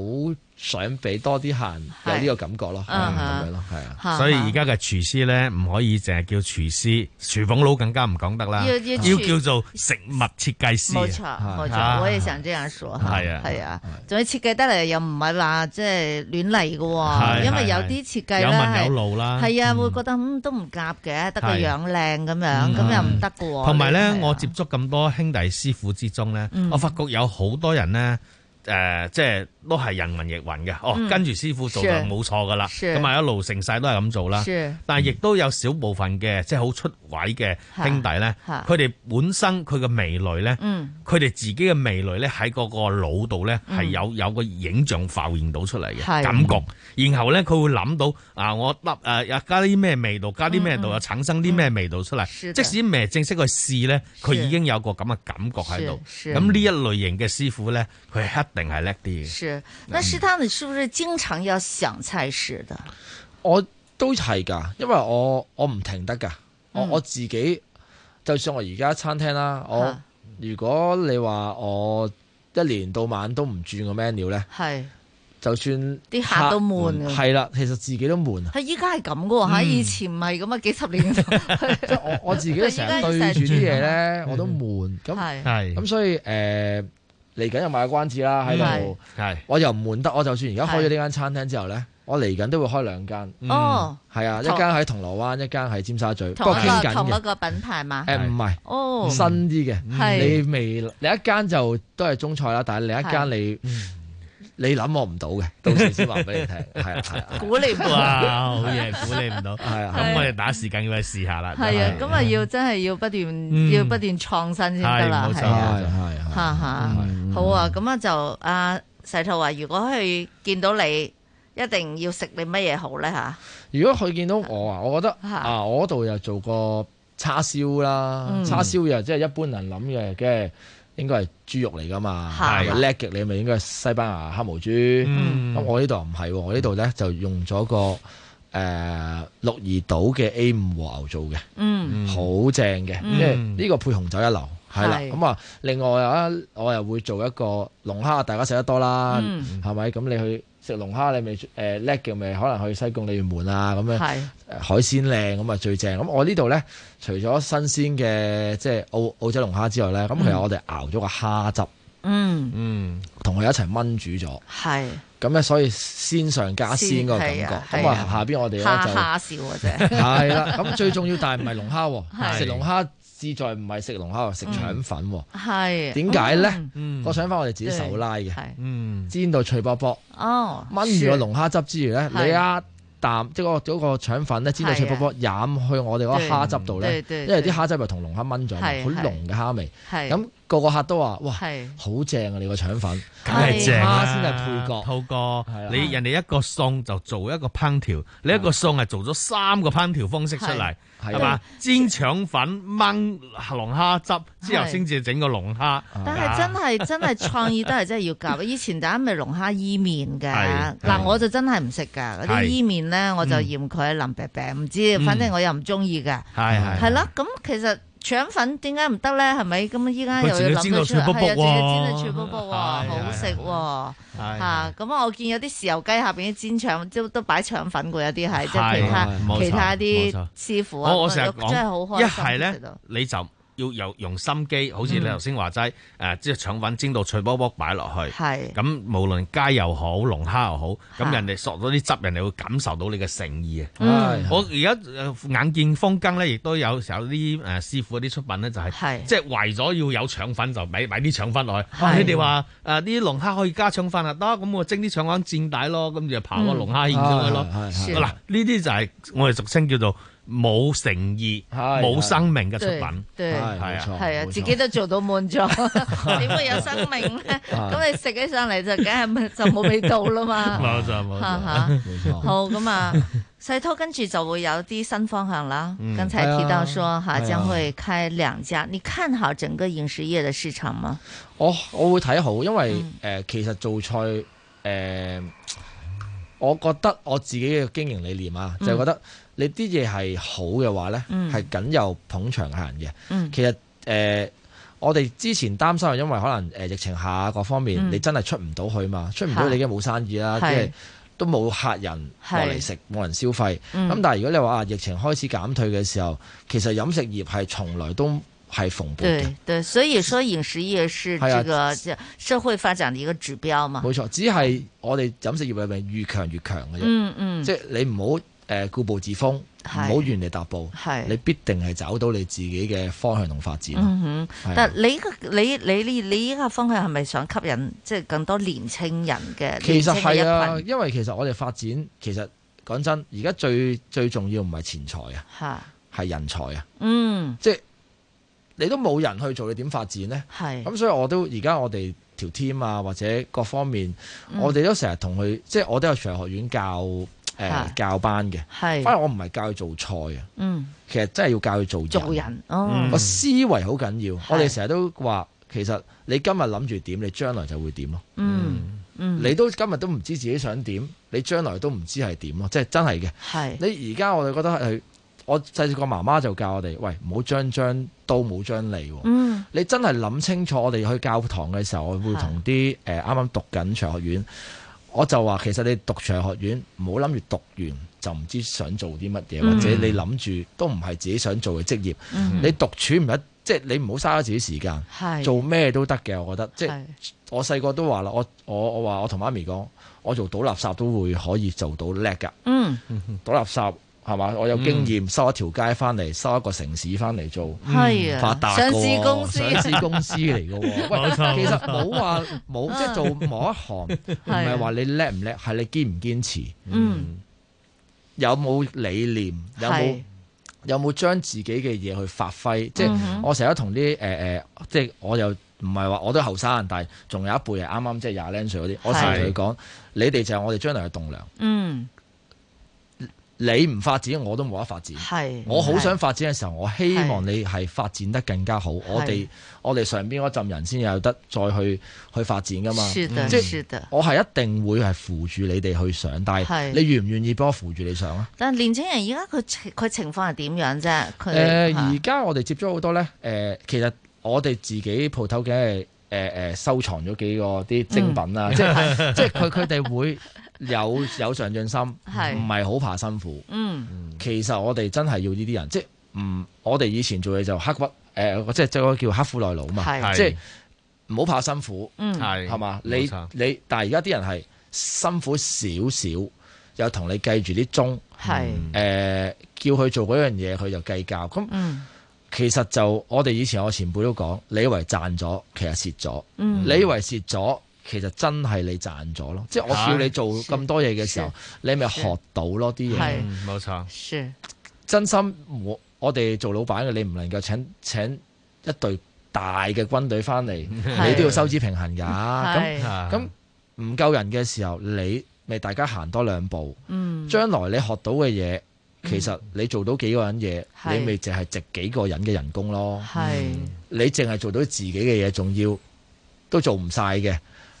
想俾多啲限，有呢個感覺咯，咁樣咯，係啊，啊，啊。所以而家嘅廚師咧，唔可以淨係叫廚師，啊、廚房佬更加唔講得啦。要要要叫做食物設計師。冇錯，我亦想咁樣講。係啊，係啊，仲要、啊啊啊啊啊啊啊、設計得嚟又唔係話即係亂嚟㗎喎，因為有啲設計、啊、有紋有路啦。係啊、嗯，會覺得咁都唔夾嘅，嗯嗯嗯嗯、得個樣靚咁樣，咁又唔得嘅喎。同埋咧，我接觸咁多兄弟師傅之中咧、嗯，我發覺有好多人咧。誒、呃，即係都係人云亦云嘅，哦，跟住師傅做的、嗯、的了就冇錯噶啦，咁啊一路成世都係咁做啦。但係亦都有少部分嘅、嗯，即係好出位嘅兄弟咧，佢哋本身佢嘅味蕾咧，佢、嗯、哋自己嘅味蕾咧喺嗰個腦度咧係有、嗯、有個影像浮現到出嚟嘅感覺，然後咧佢會諗到啊，我笠誒加啲咩味道，加啲咩度又產生啲咩味道出嚟、嗯。即使未正式去試咧，佢已經有個咁嘅感覺喺度。咁呢一類型嘅師傅咧，佢係定係叻啲嘅，是。那世韜你是不是經常要想菜式？的？嗯、我都係噶，因為我我唔停得噶。我的、嗯、我自己，就算我而家餐廳啦，我、啊、如果你話我一年到晚都唔轉個 menu 咧，係，就算啲客，客都悶。係啦，其實自己都悶。係依家係咁噶喎，吓、嗯、以前唔係咁啊，幾十年。即 係我我自己成日對住啲嘢咧，我都悶。咁係，咁所以誒。呃嚟緊又賣個關子啦，喺度、嗯，我又唔悶得，我就算而家開咗呢間餐廳之後咧，我嚟緊都會開兩間，係、嗯、啊，一間喺銅鑼灣，一間喺尖沙咀，不過傾緊同嗰個品牌嘛，誒唔係，新啲嘅，你未另一間就都係中菜啦，但係另一間你。你諗我唔到嘅，到時先話俾你聽，係 啊係啊，啊，估你唔到啊，好、嗯、嘢，估你唔到，係啊，咁我哋打時間要試下啦，係啊，咁啊要真係要不斷要不斷創新先得啦，冇錯，係啊，係啊，哈哈、啊啊啊啊啊啊啊啊，好啊，咁啊就阿世韜話，如果佢見到你，一定要食你乜嘢好咧嚇？如果佢見到我啊，我覺得啊，啊，我嗰度又做過叉燒啦，叉燒又即係一般人諗嘅嘅。應該係豬肉嚟㗎嘛，係咪叻嘅？你咪應該係西班牙黑毛豬。咁、嗯、我呢度唔係，我這裡呢度咧就用咗個誒、呃、鹿兒島嘅 A 五和牛做嘅，嗯，好正嘅，即係呢個配紅酒一流，係啦。咁啊，另外啊，我又會做一個龍蝦，大家食得多啦，係、嗯、咪？咁你去食龍蝦，你咪誒叻嘅咪可能去西貢鯉魚門啊咁樣，係海鮮靚咁啊最正。咁我這裡呢度咧。除咗新鮮嘅即係澳澳洲龍蝦之外咧，咁、嗯、其實我哋熬咗個蝦汁，嗯嗯，同佢一齊炆煮咗，咁咧，所以先上加鮮嗰個感覺。咁啊，啊，下邊我哋咧就蝦少嘅啫，係啦。咁最重要， 但係唔係龍蝦，食龍蝦志在唔係食龍蝦，食腸粉。係點解咧？個腸粉我哋自己手拉嘅，嗯，煎到脆卜卜，哦，炆完個龍蝦汁之餘咧，你啊～啖即係個嗰個腸粉咧，煎脆波波到脆卜卜，飲去我哋嗰蝦汁度咧，因為啲蝦汁咪同龍蝦炆咗，好濃嘅蝦味。咁個個客都話，哇，好正啊！你個腸粉梗係正啦，先係配角。韜哥、啊、你人哋一個餸，就做一個烹調、啊，你一個餸係做咗三個烹調方式出嚟，係嘛？煎腸粉、掹龍蝦汁，之後先至整個龍蝦、嗯。但係真係真係創意都係真係要夾。 以前大家咪龍蝦伊麵嘅，嗱我就真係唔食噶。嗰啲伊麵咧，我就嫌佢腍白白，唔知，反正我又唔中意噶。係、嗯、係，係咯，咁、嗯、其實。腸粉點解唔得咧？係咪咁？依家又要諗個出嚟。係啊，又要煎得脆卜卜喎，好食喎！吓，咁啊！我見有啲豉油雞下邊啲煎腸都都擺腸粉嗰有啲係，即係其他其他啲師傅啊，真係好開心。一係咧，你就。要有用心機，好似你頭先話齋，誒、嗯呃，即係腸粉蒸到脆卜卜擺落去，咁，無論雞又好，龍蝦又好，咁人哋索到啲汁，人哋會感受到你嘅誠意啊！係係我而家眼見風更咧，亦都有時候有啲誒、呃、師傅嗰啲出品咧、就係，係就係即係為咗要有腸粉就，就擺啲腸粉落去。啊、你哋話呢啲龍蝦可以加腸粉啊？得咁我蒸啲腸粉煎底咯，咁就跑個龍蝦芡上去咯。嗱、嗯啊，呢啲、啊、就係我哋俗稱叫做。冇誠意、冇生命嘅出品，係啊，係啊，自己都做到滿咗。點 會有生命咧？咁 你食起上嚟就梗係就冇味道啦嘛，冇錯，冇 錯沒錯， 好咁啊！世韜跟住就會有啲新方向啦。剛、嗯、才提到說哈，將、啊、會開兩家，你看好整個飲食業嘅市場嗎？我我會睇好，因為誒、嗯呃，其實做菜誒、呃，我覺得我自己嘅經營理念啊、嗯，就係、是、覺得。你啲嘢係好嘅話呢，係僅有捧場客嘅、嗯。其實、呃、我哋之前擔心係因為可能疫情下各方面，嗯、你真係出唔到去嘛，出唔到你已經冇生意啦，即係都冇客人過嚟食，冇人消費。咁、嗯、但係如果你話啊，疫情開始減退嘅時候，其實飲食業係從來都係蓬勃嘅。對，對，所以說飲食業是這個社會發展的一個指標嘛。冇 錯，只係我哋飲食業裡面越強越強嘅啫、嗯嗯。即係你唔好。誒，固步自封，唔好原地踏步，你必定係找到你自己嘅方向同發展。嗯、但你個你你呢你依個方向係咪想吸引即係更多年青人嘅？其實係啊的，因為其實我哋發展其實講真，而家最最重要唔係錢財啊，係人才啊，嗯，即係你都冇人去做，你點發展呢？係咁，所以我都而家我哋條 team 啊，或者各方面，嗯、我哋都成日同佢，即係我都有傳媒學院教。誒、呃，教班嘅，反而我唔係教佢做菜啊、嗯，其實真係要教佢做人，個、哦嗯、思維好緊要。我哋成日都話，其實你今日諗住點，你將來就會點咯。嗯嗯，你都今日都唔知自己想點，你將來都唔知係點咯，即係真係嘅。係你而家我哋覺得係，我細個媽媽就教我哋，喂，唔好張張都冇張利。嗯，你真係諗清楚。我哋去教堂嘅時候，我會同啲誒啱啱讀緊長學院。我就話，其實你讀長學院，唔好諗住讀完就唔知想做啲乜嘢，嗯、或者你諗住都唔係自己想做嘅職業。嗯、你讀處唔得，即係你唔好嘥咗自己時間，是做咩都得嘅。我覺得，是即係我細個都話啦，我我我話我同媽咪講，我做倒垃圾都會可以做到叻㗎。嗯，倒垃圾。係嘛？我有經驗，收一條街翻嚟，收一個城市翻嚟做、嗯，發達上市公司，上市公司嚟嘅喎。冇錯 其實冇話冇，即 係、就是、做某一行，唔係話你叻唔叻，係你堅唔堅持。嗯。嗯，有冇理念？有冇有冇將自己嘅嘢去發揮？即係、就是、我成日同啲誒誒，即、呃、係、就是、我又唔係話我都後生，人，但係仲有一輩係啱啱即係廿零歲嗰啲，我成日同佢講，你哋就係我哋將來嘅棟梁。嗯。你唔發展，我都冇得發展。係，我好想發展嘅時候，我希望你係發展得更加好。我哋我哋上邊嗰陣人先有得再去去發展噶嘛。係的、嗯、即、係的，我係一定會係扶住你哋去上，但係你願唔願意幫我扶住你上啊？但係年輕人而家佢佢情況係點樣啫？佢誒而家我哋接觸好多咧，誒、呃、其實我哋自己鋪頭嘅。誒、呃、誒，收藏咗幾個啲精品啊、嗯，即係 即係佢佢哋會有有上進心，係唔係好怕辛苦？嗯，其實我哋真係要呢啲人，即係唔、嗯、我哋以前做嘢就刻苦，誒、呃，即係即係叫刻苦耐勞啊嘛，即係唔好怕辛苦，係係嘛？你你，但係而家啲人係辛苦少少，又同你計住啲鐘，係誒、嗯呃，叫佢做嗰樣嘢，佢就計較咁。其實就我哋以前我前輩都講，你以為賺咗，其實蝕咗、嗯；你以為蝕咗，其實真係你賺咗咯。即係我叫你做咁多嘢嘅時候，啊、你咪學到咯啲嘢。冇錯，是，是，是，是真心我哋做老闆嘅，你唔能夠請請一隊大嘅軍隊翻嚟，你都要收支平衡噶。咁咁唔夠人嘅時候，你咪大家行多兩步。嗯、將來你學到嘅嘢。其實你做到幾個人嘢，你咪淨係值幾個人嘅人工咯。係你淨係做到自己嘅嘢，仲要都做唔晒嘅。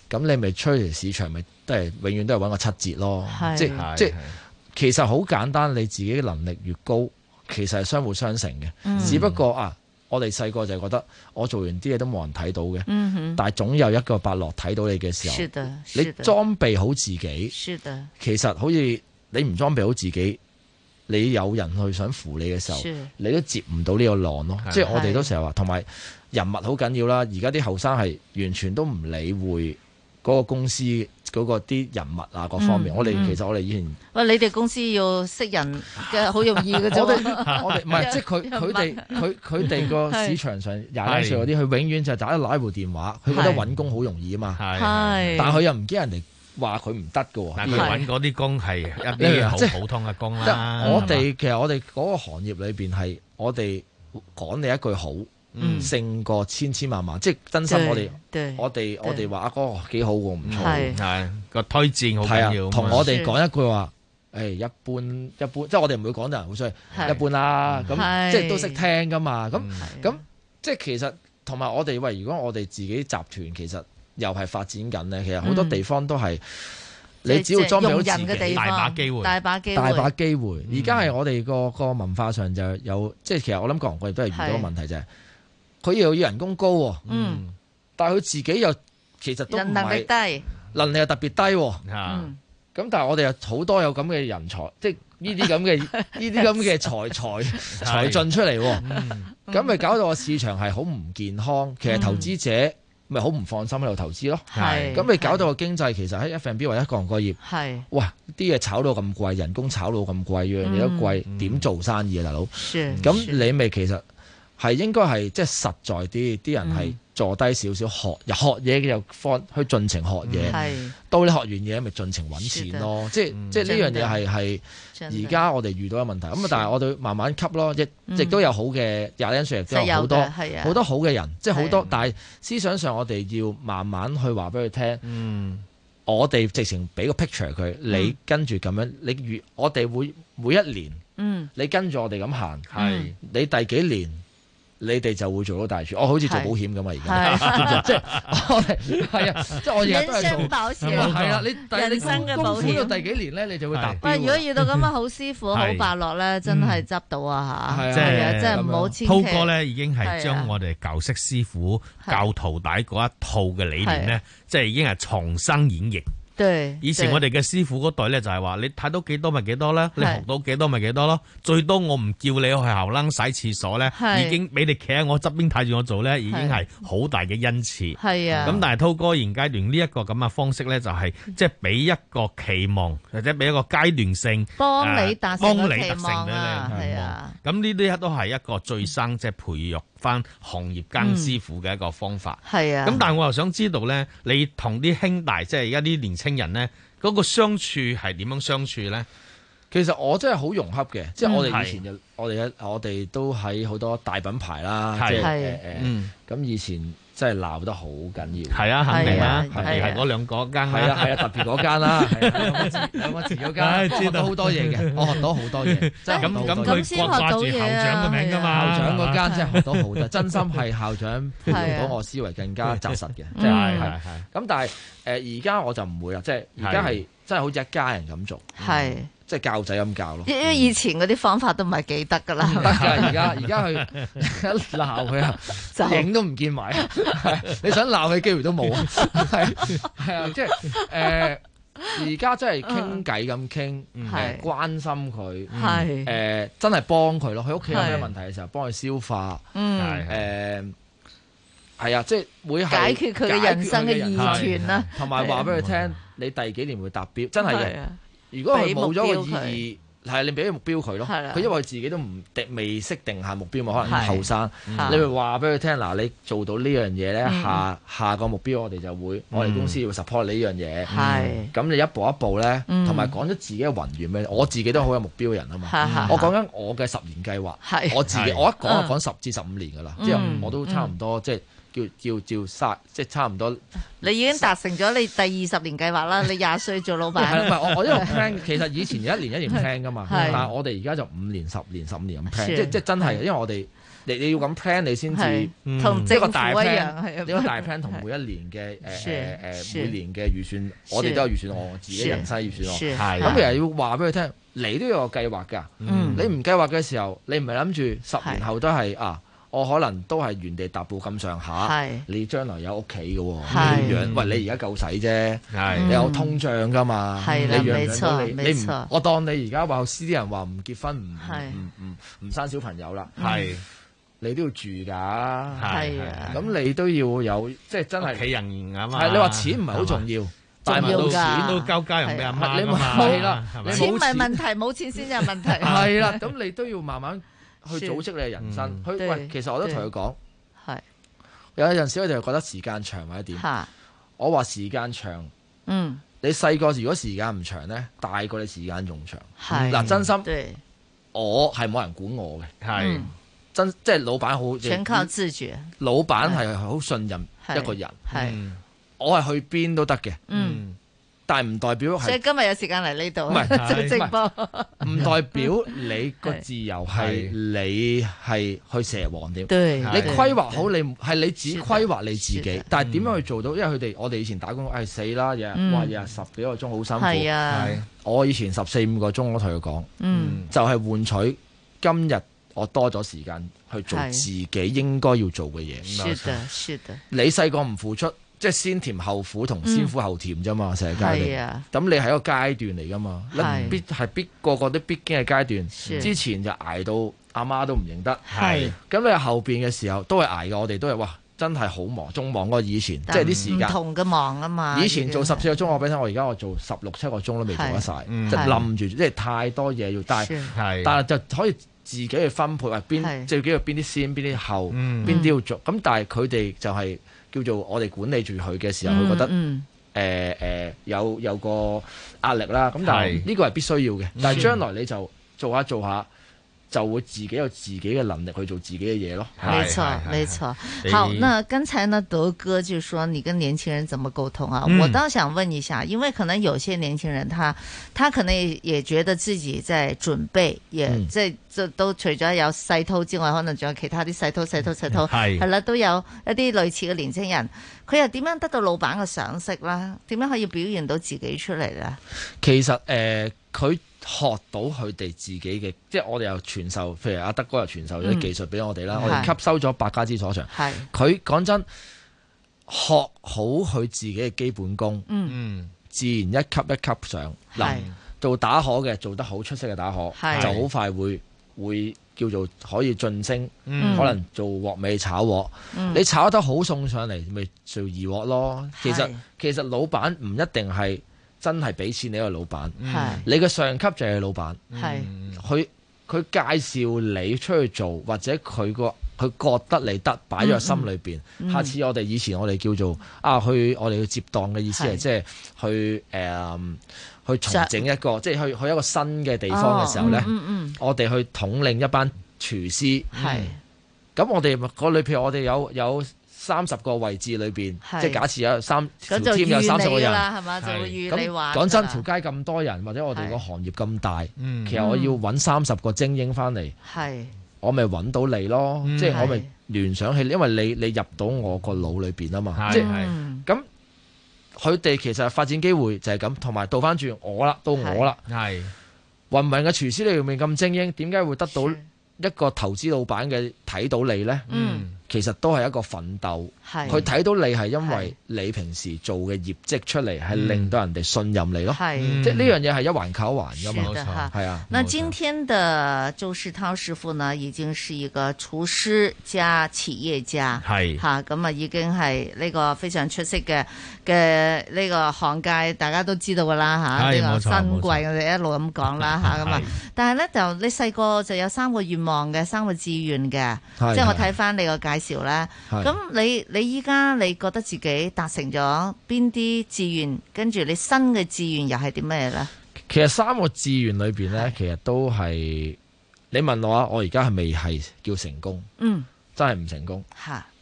咁你咪出嚟，市場，咪都係永遠都係搵個七折咯。即係即係，其實好簡單。你自己嘅能力越高，其實係相互相成嘅。只不過、嗯、啊，我哋細個就係覺得我做完啲嘢都冇人睇到嘅、嗯。但係總有一個伯樂睇到你嘅時候，的的你裝備好自己。其實好似你唔裝備好自己。你有人去想扶你嘅時候，你都接唔到呢個浪咯。即係我哋都成日話，同埋人物好緊要啦。而家啲後生係完全都唔理會嗰個公司嗰個啲人物啊各方面。嗯、我哋其實我哋以前喂、嗯嗯、你哋公司要識人嘅好容易㗎， 我哋唔係即係佢佢哋佢佢哋個市場上廿一歲嗰啲，佢永遠就打一攞一部電話，佢覺得揾工好容易啊嘛。但係佢又唔驚人哋。話佢唔得嘅，但係搵嗰啲工係一啲好普通嘅工啦。的就是的就是、我哋其實我哋嗰個行業裏邊係我哋講你一句好，勝、嗯、過千千萬萬。嗯、即係真心我，我哋我哋我哋話阿哥幾好嘅，唔錯嘅，係個推薦好緊要。同我哋講一句話，誒、哎，一般一般，即係我哋唔會講得人好衰，一般啦。咁即係都識聽噶嘛。咁咁即係其實同埋我哋喂，如果我哋自己集團其實。又係發展緊咧，其實好多地方都係、嗯、你只要裝備好人，大把機會，大把機會，大把機會。而家係我哋個個文化上就有，即係其實我諗韓國亦都係遇到個問題啫、就係。佢又要人工高，嗯，但佢自己又其實都能力低，能力又特別低。喎。咁、嗯、但係我哋又好多有咁嘅人才，呢啲呢啲 呢啲呢啲才，即係呢啲咁嘅呢啲咁嘅財財財進出嚟，咁、嗯、咪搞到個市場係好唔健康、嗯。其實投資者。咪好唔放心喺度投資咯，係咁你搞到個經濟其實喺 F＆B m 或者各行各業，係哇啲嘢炒到咁貴，人工炒到咁貴，樣、嗯、嘢都貴，點、嗯、做生意啊大佬？咁你咪其實係應該係即係實在啲，啲人係、嗯。坐低少少學，學嘢嘅又放去盡情學嘢、嗯。到你學完嘢咪盡情揾錢咯。即係、嗯、即呢樣嘢係而家我哋遇到嘅問題。咁啊，但係我哋慢慢吸咯，亦亦、嗯、都有好嘅廿零歲亦都有好多，多好多好嘅人，即係好多。但係思想上我哋要慢慢去話俾佢聽。嗯，我哋直情俾個 picture 佢、嗯，你跟住咁樣，你越我哋會每一年，嗯，你跟住我哋咁行，係你第幾年？你哋就會做到大廚，我好似做保險咁嘛，而家即係，係啊，即係 我日日都係做保險，係啊，人生嘅保險。到第幾年咧，你就會答。別。如果遇到咁嘅好師傅、好伯樂咧，真係執到啊嚇！即係即係唔好千祈。韜哥咧已經係將我哋舊式師傅、教徒弟嗰一套嘅理念咧，即係已經係重新演繹。對，對，以前我哋嘅師傅嗰代咧，就係話你睇到幾多咪幾多啦，你學到幾多咪幾多咯。最多我唔叫你去後欄洗廁所咧，已經俾你企喺我側邊睇住我做咧，已經係好大嘅恩賜。係啊，咁但係韜哥現階段呢一個咁嘅方式咧，就係即係俾一個期望，或者俾一個階段性幫你達成嘅期望。係啊，咁呢啲都係一個最生即係、就是、培育，翻行業更師傅嘅一個方法，係、嗯、啊，咁但係我又想知道咧，你同啲兄弟即係而家啲年青人咧，嗰、那個相處係點樣相處咧？其實我真係好融洽嘅、嗯，即係我哋以前、啊、我哋我哋都喺好多大品牌啦，即係誒，咁、就是啊嗯、以前。真係鬧得好緊要，係啊，係啊，係嗰兩嗰間，係啊係啊，啊，啊，啊，特別嗰間啦、啊，兩、啊嗰個、 間嗰間學到好多嘢嘅，我學到好多嘢，即係咁咁佢掛住校長嘅名㗎嘛，校長嗰間真係、啊、學到好多，係啊、真心係校長培養、啊、到我思維更加紮實嘅，即係係係。咁、就係嗯啊啊、但係誒而家我就唔會啦，即係而家係真係好似一家人咁做。係。即係教仔咁教咯，因為以前嗰啲方法都唔係記得噶啦。唔得噶，而家而家佢一鬧佢啊，影都唔見埋。 你想鬧佢機會都冇。係係啊，即係誒，而家真係傾偈咁傾，關心佢，係、嗯、誒、呃、真係幫佢咯。喺屋企有咩問題嘅時候，幫佢消化。誒、嗯，係啊、呃，即係會解決佢嘅人生嘅疑團啦。同埋話俾佢聽，你第幾年會達標？係真係嘅。係嘅。如果佢冇咗個意義，係你俾個目標佢咯。佢因為佢自己都唔未識定下目標嘛，可能後生。你咪話俾佢聽，嗱、啊、你做到呢樣嘢咧，下下個目標我哋就會，嗯、我哋公司要 support 呢樣嘢。係、嗯、咁你一步一步咧，同埋講咗自己嘅宏願咩？我自己都好有目標嘅人啊嘛。我講緊我嘅十年計劃，我自己我一講就講十至十五年噶啦、嗯嗯，即係我都差唔多即係。叫照殺，即係差唔多。你已經達成咗你第二十年計劃啦！你廿歲做老闆。 我我呢個 plan，其實以前一年一年 plan 噶嘛， 但係我哋而家就五年、十年、十五年咁 plan，即即真係，因為我哋你你要咁 plan，你先至、嗯、一、呢個大 plan，一大 plan 同每一年嘅誒每年嘅預算，的的我哋都有預算我自己人生預算案。咁，其實要話俾佢聽，你都有個計劃㗎、嗯。你唔計劃嘅時候，你唔係諗住十年後都係啊？我可能都係原地踏步咁上下，你將來有屋企嘅，你樣喂你夠洗而家夠使啫，你有通脹㗎嘛，你樣樣都你你唔我當你而家教師啲人話唔結婚唔唔唔唔生小朋友啦，你都要住㗎，咁你都要有即係、就是、真係屋企人員啊嘛，你話錢唔係好重要，重要但係冇錢都交家用嘅啊你係啦，錢唔係問題，冇錢先係問題，係啦，咁 是的 你都要慢慢。去組織你嘅人生，佢、嗯、喂，其實我都同佢講，係有陣時我哋又覺得時間長或者點，我話時間長，嗯，你細個如果時間唔長咧，大過你時間仲長，嗱、嗯、真心，我係冇人管我嘅，係真即係、就是、老闆好，全靠自主，老闆係好信任一個人，係我係去邊都得嘅，嗯。但係唔代表係，今日有時間嚟呢度唔係直播。唔 代表你個自由係你係去蛇王啲。你規劃好你係你只規劃你自己。但係點樣去做到？嗯、因為佢哋我哋以前打工係、哎、死啦，日日話日日十幾個鐘好辛苦。係啊，我以前十四五個鐘我同佢講，嗯嗯就係換取今日我多咗時間去做自己應該要做嘅嘢。你細個唔付出。即係先甜後苦同先苦後甜啫嘛，成個階段。咁、啊、你係一個階段嚟㗎嘛，你、啊、必係必個個都必經嘅階段、啊。之前就捱到阿媽，媽都唔認得。係咁、啊，你、啊、後邊嘅時候都係捱嘅。我哋都係哇，真係好忙，仲忙過以前。即係啲時間唔同嘅忙啊嘛。以前做十四個鐘，我俾你聽，我而家我做十六七個鐘都未做得晒、啊嗯啊，即係冧住，即係太多嘢要帶。但係、啊啊、就可以自己去分配，話邊最緊要邊啲先，邊啲、啊、後，邊、嗯、啲要做。咁、嗯嗯、但係佢哋就係、是。叫做我哋管理住佢嘅時候，佢覺得誒誒、嗯嗯呃呃、有有個壓力啦。咁但係呢個係必須要嘅，但係將來你就做下做下。就會自己有自己嘅能力去做自己嘅嘢咯。沒錯。係，冇錯，冇錯。好，哎、那剛才呢，德哥就說你跟年輕人怎麼溝通啊、嗯？我倒想問一下，因為可能有些年輕人他、他他可能也覺得自己在準備，嗯、也在在都除咗有細韜之外，可能仲有其他啲細韜、細韜、細韜，係係啦，都有一啲類似嘅年輕人，佢又點樣得到老闆嘅賞識啦？點樣可以表現到自己出嚟咧？其實誒，佢、呃。學到佢哋自己嘅，即係我哋又傳授，譬如阿德哥又傳授咗技術俾我哋啦、嗯，我哋吸收咗百家之所長。佢講真，學好佢自己嘅基本功、嗯，自然一級一級上，嗱，做打荷嘅做得好出色嘅打荷，就好快會會叫做可以晉升、嗯，可能做鑊尾炒鑊。嗯、你炒得好送上嚟，咪做二鑊咯。其實其實老闆唔一定係。真係俾錢你一個老闆，你嘅上級就係老闆，佢佢、嗯、介紹你出去做，或者佢個佢覺得你得擺咗喺心裏邊、嗯嗯。下次我哋以前我哋叫做啊去我哋去接檔嘅意思係即係去誒、呃、去重整一個，是即係去去一個新嘅地方嘅時候咧、哦嗯嗯，我哋去統領一班廚師，咁、嗯、我哋嗰裏譬如我哋有有，有三十個位置裏邊，即係假設有三，咁就預你啦，三十個人，係嘛？咁講真，條街咁多人，或者我哋個行業咁大、嗯，其實我要揾三十個精英翻嚟，我咪揾到你咯。即係、就是、我咪聯想起，因為你你入到我個腦裏邊啊嘛。是是即係咁，佢哋、嗯、其實發展機會就係咁，同埋倒翻轉我啦，到我啦。係芸芸嘅廚師，你面咁精英，點解會得到一個投資老闆嘅睇到你呢？」嗯。嗯其實都係一個奮鬥，佢睇到你係因為你平時做嘅業績出嚟，係令到人哋信任你咯。係，即係呢樣嘢係一環扣一環噶嘛。有冇錯？係啊，啊。那今天的周世韜師傅呢，已經是一個廚師加企業家，係。哈，咁啊，已經係呢個非常出色嘅嘅呢個行界，大家都知道噶啦吓。呢個新貴，我哋一路咁講啦吓咁啊。這個、啊啊啊但係咧就你細個就有三個願望嘅，三個志願嘅，即係我睇翻你個解。介紹，咁你你依家你覺得自己達成咗邊啲志願，跟住你新嘅志願又係點咩咧？其實三個志願裏邊咧，其實都係你問我啊，我而家係未係叫成功？嗯，真係唔成功，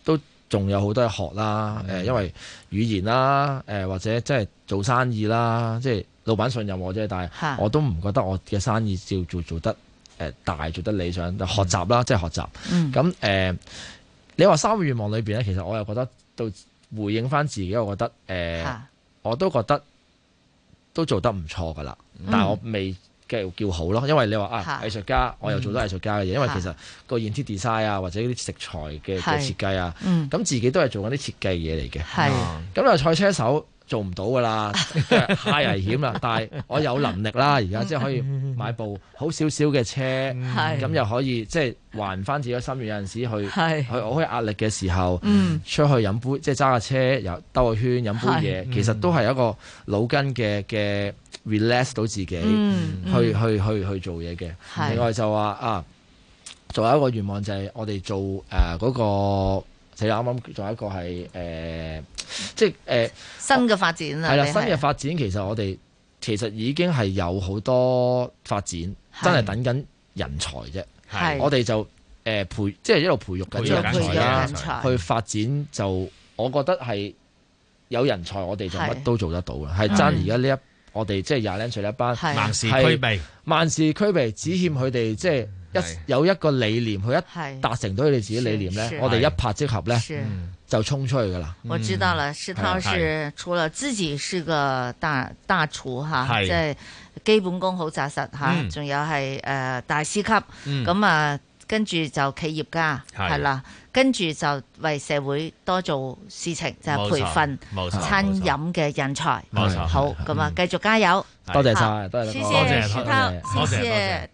都仲有好多嘢學啦，誒，因為語言啦，誒，或者即係做生意啦，即係老闆信任我啫，但係我都唔覺得我嘅生意照做做得誒大，做得理想。學習啦，即係學習，嗯，咁、嗯、誒。你話三個願望裏面，咧，其實我又覺得到回應翻自己，我覺得誒、呃啊，我都覺得都做得唔錯噶啦。但我未繼續叫好咯，因為你話啊，藝、啊、術家我又做得藝術家嘅嘢、嗯，因為其實個 interior design 啊，或者啲食材嘅設設計啊，咁、嗯、自己都係做緊啲設計嘢嚟嘅。係咁你話賽車手。做唔到噶啦，太危險啦！ 但係我有能力啦，而家即係可以買部好少少嘅車，咁 又、嗯、可以即係還翻自己嘅心願。有陣時去去我有壓力嘅時候，嗯、出去飲杯，即係揸架車又兜個圈飲杯嘢、嗯，其實都係一個腦筋嘅嘅 relax 到自己，嗯嗯、去去去去做嘢嘅。另外就話啊，仲有一個願望就係我哋做誒嗰、呃那個。就啱啱仲有一個係誒、呃，即係誒、呃、新嘅發展啦、啊。係啦，新嘅發展其實我哋其實已經係有好多發展，真係等緊人才啫。係，我哋就誒培，即係一路培育嘅，一路人，人，人才，去發展就我覺得係有人才，我哋就乜都做得到嘅。係爭，而家呢一我哋即係廿零歲的一班，係係萬事俱備，萬事俱備，只欠佢哋、嗯、即係。一有一個理念，佢一達成到佢哋自己理念咧，我哋一拍即合咧、嗯，就衝出去噶啦、嗯。我知道了，世韜是除了自己，是個大是大廚吓，即係、就是、基本功好扎實吓，仲有係誒大師級咁啊，跟住、嗯、就企業家係啦，跟住就為社會多做事情，是就係、是、培訓餐飲嘅人才。好咁啊，繼、嗯、續加油！多謝晒！多謝，多謝世韜，多謝。